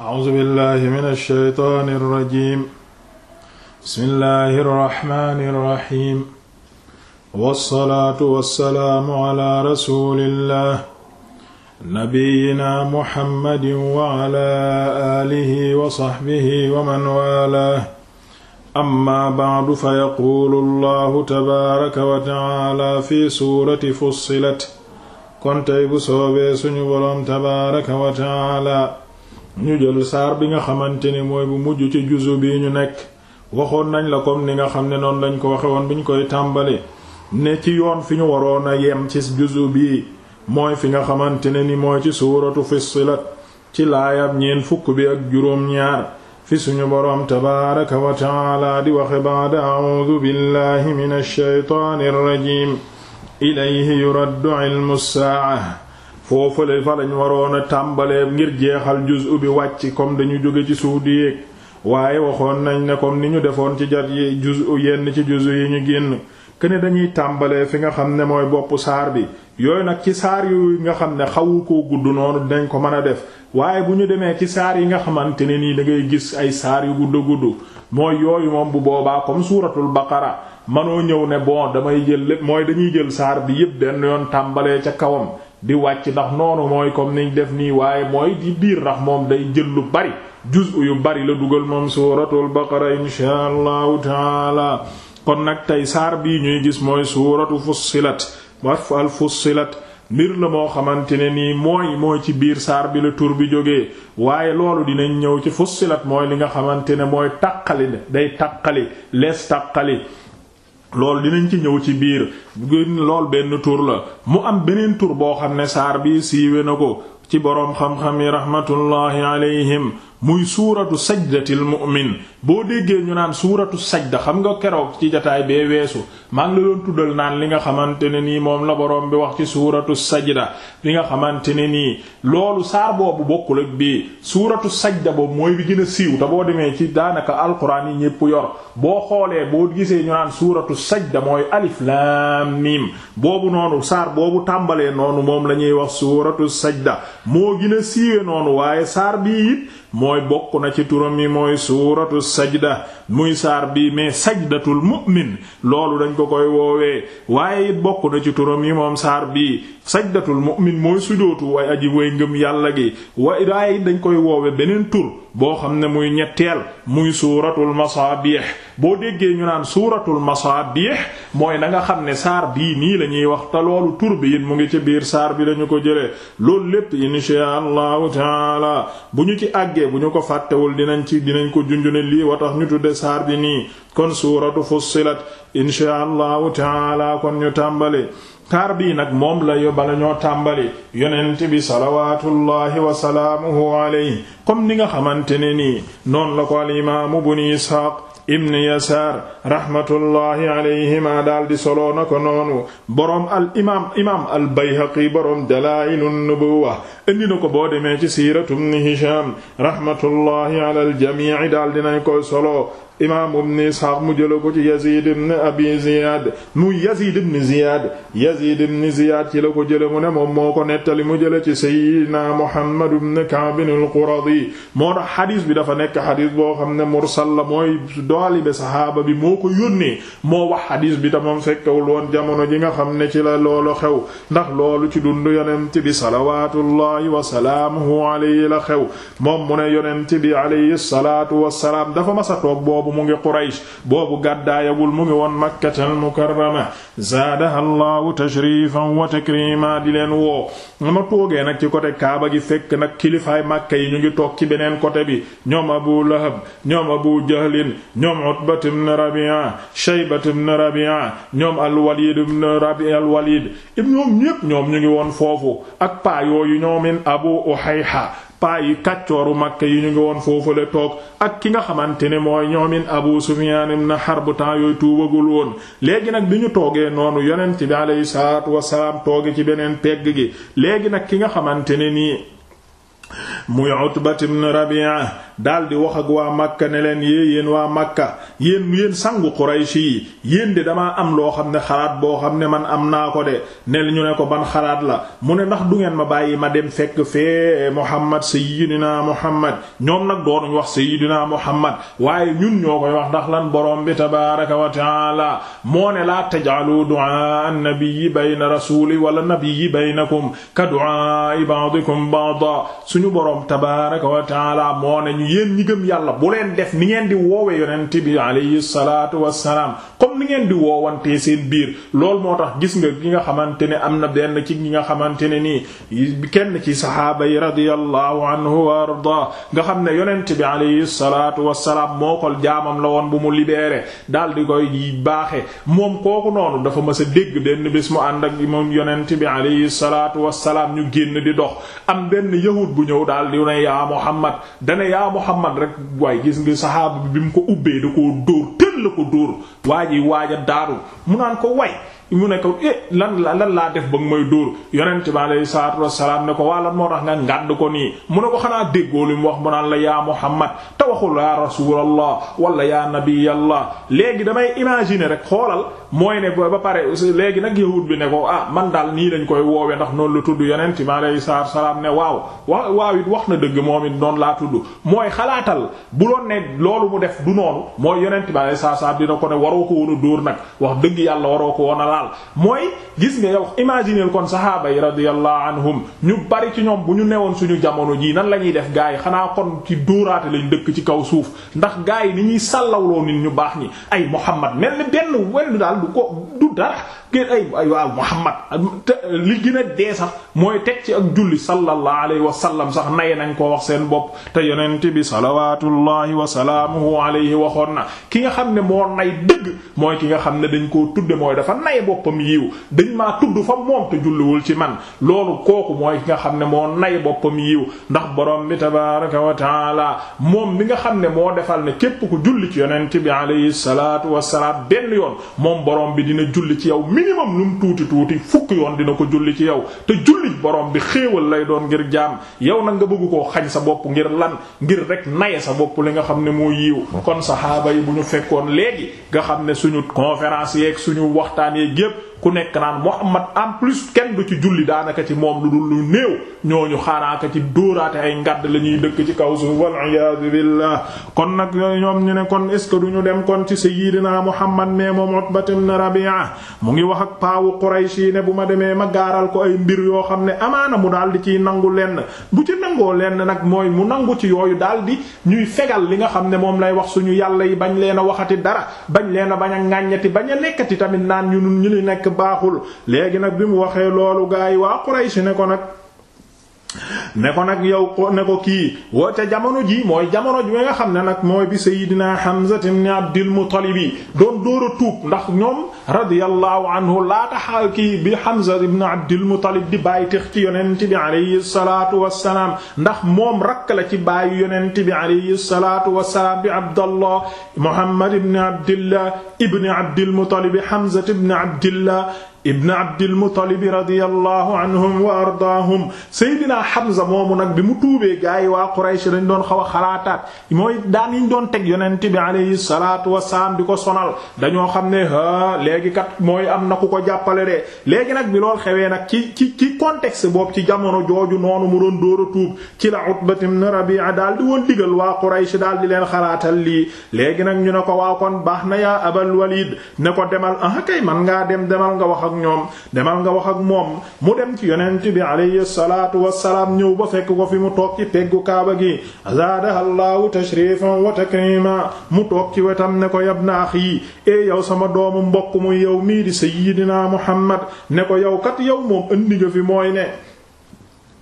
أعوذ بالله من الشيطان الرجيم بسم الله الرحمن الرحيم والصلاة والسلام على رسول الله نبينا محمد وعلى آله وصحبه ومن والاه أما بعد فيقول الله تبارك وتعالى في سورة فصلت kon tey bu soobee suñu boroom tabaaraka wa ta'aala ñu jël saar bi nga xamante ne mooy bu mujj ci juzu bi ñu nekk waxoon nañ la comme ni nga xam ne noonu lañ ko waxe woon bi ñu koy tàmbali ne ci yoon fi ñu waroon a yem ci juzu bi mooy fi nga xamante ne ni mooy ci suuratu Fussilat ci laayab ñeent fukk bi ak juróom-ñaar fi suñu boroom tabaaraka wa taala di waxe baada a'uudu billahi minash shaytaanir rajiim ilayhi yuraddu ilmu saa'a foofale fa lañ waroon a tàmbalee ngir jeexal juz'u bi wàcc comme dañu jóge ci suuf di yéeg waaye waxoon nañ ne comme ni ñu defoon ci jar yi juz'u yenn ci juz'u yi ñu génn kene dañuy tàmbalee fi nga xam ne mooy bopp saar bi yooyu nag ci saar yu nga xam ne xawu koo gudd noonu dañ ko mën a def waaye bu ñu demee ci saar yi nga xamante ne nii da ngay gis ay saar yu gudd gudd mooy yooyu moom bu boobaa comme suuratul baqara manoo ñëw ne bon damay jël lépp mooy dañuy jël saar bi yépp benn yoon tàmbalee ca kawam di wàcc ndax noonu mooy comme niñ def nii waaye mooy di biir ndax moom day jël lu bari juz'u yu bari la dugal moom suuratul baqara insha allahu taala kon nag tey saar bii ñuy gis mooy suuratu fussilat warf al fussilat mbir la moo xamante ne nii mooy mooy ci biir saar bi la tur bi jógee waaye loolu dinañ ñëw ci fussilat mooy li nga xamante ne mooy tàqali day tàqali lees tàqali loolu dinañ ci ñëw ci biir gën lool benn tur la mu am beneen tur boo xam ne saar bi siiwe na ko ci boroom xam-xam yi rahmatullahi alayhim muy suuratu sajdatil mu'min boo déggee ñu naan suuratu sajda xam nga keroog ci jataay bee weesu maa ngi la doon tuddal naan li nga xamante ne nii moom la boroom bi wax ci suuratu sajda bi nga xamante ne nii loolu saar boobu bokkul ak bii suuratu sajda boobu mooy bi gën a siiw te boo demee ci daanaka alquran yi ñépp yor boo xoolee boo gisee ñu suuratu sajda mooy alif laam miim boobu noonu saar boobu tàmbalee noonu moom lañuy wax suuratu sajda moo gën a siiwe noonu waaye saar bii it mooy bokk na ci turam yi mooy suuratu sajda muy saar bii mais sajdatul mu'min loolu dañ ko koy woowee waaye it bokk na ci turam yi moom saar bi sajdatul mu'min mooy sujootu way aji way ngëm yàlla gi waaye it dañ koy woowe beneen tur boo xam ne muy ñetteel muy suuratul masaabih boo déggee ñu naan suuratul masaabih mooy na nga xam ne saar bii nii la ñuy wax te loolu tur bi it mu ngi ci biir saar bi dañu ko jëlee loolu lépp inshaa Allahu taala bu laajee bu ñu ko fàttewul dinañ ci dinañ ko junjune lii wa tax ñu tudde saar bi nii kon suuratu fussilat inshaa allahu taala kon ñu tàmbale kaar bi nag moom la yo bala ñoo tàmbali yonent bi salawatullahi wa salaamuhu alayhi comme ni nga xamante ne nii noonu la ko al imaamu buni isxaaq ibn yasaar rahmatullahi alayhima daal di soloo na ko noonu boroom al imaam imaam al bayhaqi boroom dalaa'ilun nubuwwa indi na ko boo demee ci siiratu ibn hisham rahmatullahi ala al jamii daal dinañ koy solo imaam ibn Isxaaq mu jëla ko ci Yazid ibn Abi Ziyad mu Yazid ibn Ziyad ci la ko jële mu ne moom moo ko nettali mu jële ci Sayyidina Muhammad ibn Ka'b al-Quradi moo tax xadis bi dafa nekk xadis boo xam ne mursal la mooy doalibe saxaaba bi moo ko yónnee moo wax xadis bi tamoom fekkewul woon jamono ji nga xam ne ci la loolu xew ndax loolu ci dund yonent bi salawaatullahi wa salaamuhu alayhi la xew moom mu ne yonent bi alayhi salaatu wa salaam dafa masa toog boobu boobu mu ngi boobu gàddaayagul mu ngi woon Makkatal Mukarrama zaadaha Allahu tashrifan wa takrima di leen woo ma toogee nag ci côté Kaaba gi fekk nag kilifaay Makka yi ñu ngi toog ci beneen côté bi ñoom Abu Lahab ñoom Abu Jahlin ñoom Utbat ibn Rabi'a Shaybat ibn Rabi'a ñoom al-Walid ibn Rabi'a al-Walid ñoom ñépp ñoom ñu ngi woon foofu ak paa yooyu ñoomin Abu Uhayha paa yi kàccooru Makka yi ñu ngi woon foofule toog ak ki nga xamante ne mooy ñoomin Abu Sufyaan ibn Harb temps yooyu tuubagul woon léegi nag bi ñu toogee noonu yonent bi alayhi salaatu wasalaam tooge ci beneen pegg gi léegi nag ki nga xamante ne nii muy Utbat ibn Rabi'a daal di wax ak waa Makka ne leen yee yéen waa Makka yéen yéen sangu Quraysh yi yéen de dama am loo xam ne xalaat boo xam ne man am naa ko de ne ñu ne ko ban xalaat la mu ne ndax du ngeen ma bàyyi ma dem fekk fee Muhammad sayyidina Muhammad ñoom nag doonuñ wax sayyidina Muhammad waaye ñun ñoo koy wax ndax lan borom bi tabaaraka wa taala moo ne laa taj'alu du'a an-nabiyyi bayna rasuli wala nabiyyi baynakum ka du'a ba'dikum ba'da suñu borom tabaaraka wa taala moo ne yéen ñi gëm yàlla bu leen def ni ngeen di woowe yonent bi alayhi salaatu wassalaam comme li ngeen di woowantee seen biir loolu moo tax gis nga ki nga xamante ne am na benn ci ñi nga xamante ne nii kenn ci saxaaba yi radiyallahu anhu wa arda nga xam ne yonent bi alayhi salaatu wassalaam moo ko jaamam la woon bu mu libéré daal di koy baaxe moom kooku noonu dafa mës a dégg benn bis mu ànd ak moom yonent bi alayhi salaatu wassalaam ñu génn di dox am benn yahud bu ñëw daal di ne yaa Muhammad dane yaa Muhammad rek waaye gis nga saxaaba bi bi mu ko ubbee da koo dóor la ko dóor waa ji waaj a daaru mu ko way mu ne ko eh lan lan laa def ba may dóor yonent bi alayhi salaatu wassalaam ne ko waa moo tax nga ngàdd ko nii mu ne ko xanaa déggoo li mu wax naan la yaa Muhammad te waxul yaa rasuulallah wala yaa nabiyallah léegi damay imaginer rek xoolal mooy ne ba pare léegi nag yahud bi ne ko ah man daal nii lañ koy woowe ndax noonu la tudd yonent bi alayhi salaatu wassalaam ne waaw wa waaw it wax na dëgg moom it noonu laa tudd mooy xalaatal bu doon ne loolu mu def du noonu mooy yonent bi alayhi salaatu wassalaam dina ko ne waroo ko woon a dóor nag wax dëgg yàlla waroo ko woon laal mooy gis nga yow imaginer kon sahaaba yi radiyallahu anhum ñu bari ci ñoom bu ñu newoon suñu jamono jii nan la ñuy def gaa yi xanaa kon ci dóoraate lañ dëkk ci kaw suuf ndax gaa yi ni ñuy sàllawloo nit ñu baax ñi ay Muhammad mel ni benn wenn daal du ko du dara kër ay ay waaw Muhammad li gën a dee sax mooy teg ci ak julli sallallahu alayhi wa sallam sax naye nañ koo wax seen bopp te yonent bi salawatullahi wa salaamuhu waxoon na ki nga xam ne moo nay boppam yiw dañ maa tudd fa moom te julliwul ci man loolu kooku mooy ki nga xam ne moo nay boppam yiw ndax borom bi tabaraka wa taala moom mi nga xam ne moo defal ne képp ku julli ci yonent bi alayhi salaatu wassalaam benn yoon moom borom bi dina julli ci yow minimum lu mu tuuti tuuti fukk yoon dina ko julli ci yow te julli borom bi xéewal lay doon ngir jaam yow nag nga bëgg koo xañ sa bopp ngir lan ngir rek naye sa bopp li nga xam ne moo yiw kon yi bu yépp ku nekk naan Muhammad en plus kenn du ci julli daanaka ci moom du dul lu néew ñu xaaraaka ci dóoraate ay ngàdd la ñuy dëkk ci kaw suuf wal iyaadu billah kon nag ñoom ñu ne kon est ce du ñu dem kon ci sayyidina Muhammad ne moom Utba ibn Rabi'a mu ngi wax ak paawu Quraysh yi ne bu ma demee ma gaaral ko ay mbir yoo xam ne amaana mu daal di ciy nangu lenn bu ci nangoo leen nag mooy mu nangu ci yooyu daal di ñuy fegal li nga xam ne moom lay wax suñu yàlla yi bañ leen a waxati dara bañ leen a bañ a ŋàññati bañ a nekkati tamit naan ñu ñu li nekk baaxul léegi nag bi mu waxee loolu gaa yi waa Quraysh ne ko nag ne ko nag yow ne ko kii woo te jamono ji mooy jamono ji nga xam ne nag mooy bi Seydina Hamza ibn Abdul Muttalib doon door a tuub ndax ñoom radiyallahu anhu laata xaal kii bi xam Hamza ibn Abdul Muttalib di bàyyi tex ci yonent bi alayhi salaatu wassalaam ndax moom rakk la ci baayu yonent bi alayhi salaatu wassalaam bi Abdallah Muhammad ibn Abdillah ibn Abdul Muttalib Hamza ibn Abdillah ibn abdilmutalib radiyallahu anhum wa ardaahum seydina Hamza moomu nag bi mu tuubee gaa yi waa Quraysh dañ doon xaw a xalaataat mooy daan yiñ doon teg yonent bi alayhi salaatu wasalaam di ko sonal dañoo xam ne a léegi kat mooy am na ku ko jàppale de léegi nag bi lool xewee nag ci ci ci contexte boobu ci jamono jooju noonu mu doon dóor a tuub ci la Utba ibn Rabi'a daal di woon digal waa Quraysh daal di leen xalaatal lii léegi nag ñu ne ko waaw kon baax ñoom demal nga wax ak moom mu dem ci yonent bi alayhi salaatu wassalaam ñëw ba fekk ko fi mu toog ci teggu kaaba gi zaadahallaahu tashrifan wa takrima mu toog ci wetam ne ko yabna axi e eh yow sama doomu mbokk mu yow mii di sayyidina muhammad ne ko yow kat yow moom indi nga fi mooy ne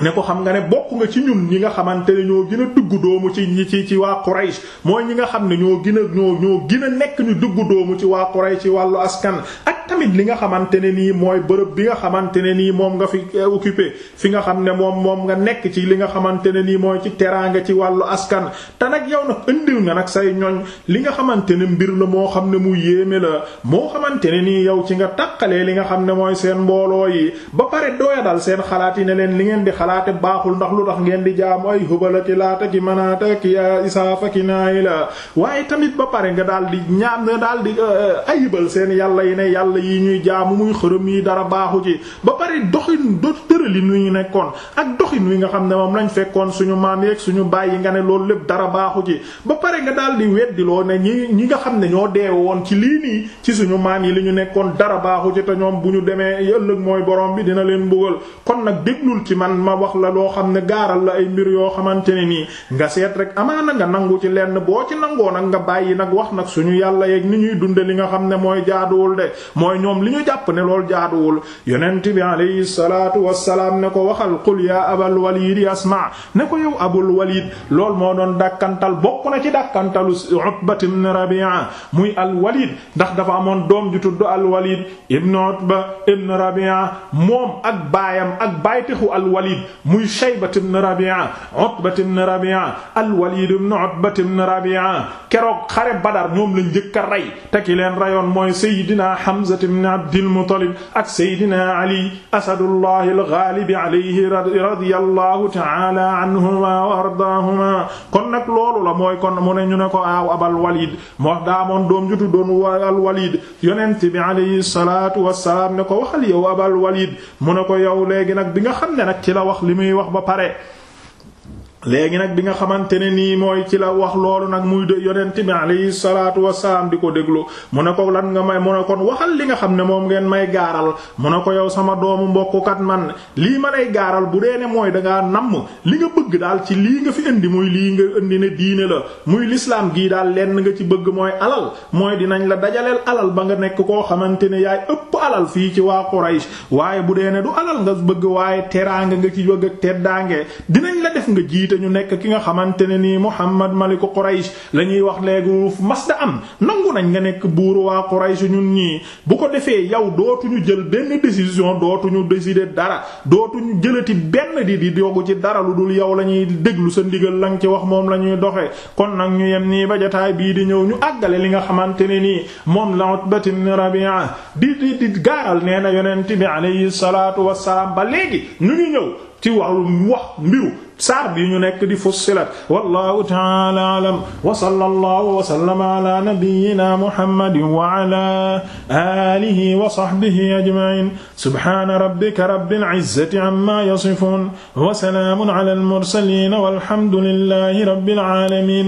ne ko xam nga ne bokk nga ci ñun ñi nga xamante ne ñoo gën a dugg doomu ci ñi ci ci waa Quraysh mooy ñi nga xam ne ñoo gën a ñoo gina nekk ñu dugg doomu ci waa Quraysh ci wàllu askan ak tamit li nga xamante ne nii mooy bërëb bi nga xamante ne nii moom nga fi eh, occupé fi nga xam ne moom moom nga nekk ci li nga xamante ne nii mooy ci teraanga ci wàllu askan te nag yow nag indil nga nag say ñoñ li nga xamante ne mbir la moo xam ne mu yéeme la moo xamante ne nii yow ci nga tàqalee li nga xam ne mooy seen mbooloo yi ba pare dooya dal seen xalaat yi ne leen li ngeen di xalaate baaxul ndax lu tax ngeen di jaamu ay hubalaki laata ki manaata ki isaafa ki naay la waaye tamit ba pare nga daal di ñaan nga daal di euh, ayibal seen yàlla yi ne yàlla yi ñuy jaamu muy xërëm yi dara baaxu ci ba pare doxin tëralin wi ñu nekkoon ak doxin wi nga xam ne moom lañ fekkoon suñu maam yeeg suñu baay yi nga ne lool lépp dara baaxu ci ba pare nga daal di weddiloo ne ñi ñi nga xam ne ñoo dee woon ci lii nii ci suñu maam yi li ñu nekkoon dara baaxu ci te ñoom bu ñu demee ëllëg mooy borom bi dina leen mbugal kon nag déglul ci man ma wax la loo xam ne gaaral la ay mbir yoo xamante ne nii nga seet rek amaana nga nangu ci lenn boo ci nangoo nag nga bàyyi nag wax nag suñu yàlla yeeg ni ñuy dunde li nga xam ne mooy jaaduwul de mooy ñoom li ñu jàpp ne salaam ne ko waxal qul yaa abal walid yasma ne ko yow abul walid lool moo doon dàkkantal bokk na ci dàkkantalu utbat ibn muy al walid ndax dafa amoon doom ju tudd al walid ibn utba ibn rabi'a ak baayam ak baytixu al walid muy shaybat ibn rabi'a utbat ibn rabi'a al walid ibn utbat ibn rabi'a keroog xare badar ñoom lañ njëkk a rey te ki leen reyoon mooy sayyidina hamza ibn abdil muttalib ak sayyidina ali asadullah Xaalib alayhi radiyallahu ta'ala anhuma wa ardaahuma kon nag loolu la mooy kon mu ne ñu ne ko aaw abal Walid moo daa doom ju tuddoon al Walid yonent bi alayhi salaatu wassalaam ne ko waxal yow abal Walid mu ne ko yow léegi nag bi nga xam ne nag ci la wax li muy wax ba pare léegi nag bi nga xamante ne nii mooy ci la wax loolu nag muy de yonent bi alayhi salaatu wasalaam di ko déglu mu ne ko lan nga may mu ne kon waxal li nga xam ne moom ngeen may gaaral mu ne ko yow sama doomu mbokkukat man lii ma lay gaaral bu dee ne mooy dangaa namm li nga bëgg daal ci lii nga fi indi muy lii nga indi ne diine la muy lislaam gii daal lenn nga ci bëgg mooy alal mooy dinañ la dajaleel alal ba nga nekk koo xamante ne yaay ëpp alal fii ci waa Quraysh waaye bu dee ne du alal nga bëgg waaye teraanga nga ci bëgg ak teddaange dinañ la def nga jiit jiite ñu nekk ki nga xamante ne nii Muhammad maliku Quraysh la ñuy wax léegi mas da am nangu nañ nga nekk buur waa Quraysh ñun nii bu ko defee yow dootuñu jël benn décision dootuñu décider dara dootuñu jëlati benn di di dogu ci dara lu dul yow la ñuy déglu sa ndigal la nga ci wax moom la ñuy doxee kon nag ñu yem nii ba bii di ñëw ñu àggale li nga xamante ne nii moom la Utbat ibn Rabi'a di di di gaaral nee na yonent bi alayhi salaatu wassalaam ba léegi ñu ngi ñëw ci wàllum wax saar bi ñu nekk di fussilat wallahu ta'ala alam wa sallallahu wa sallama ala nabiyyina muhammadin wa ala alihi wa sahbihi ajma'in subhana rabbika rabbil izzati amma yasifun wa salamun ala al mursalin walhamdulillahi rabbil alamin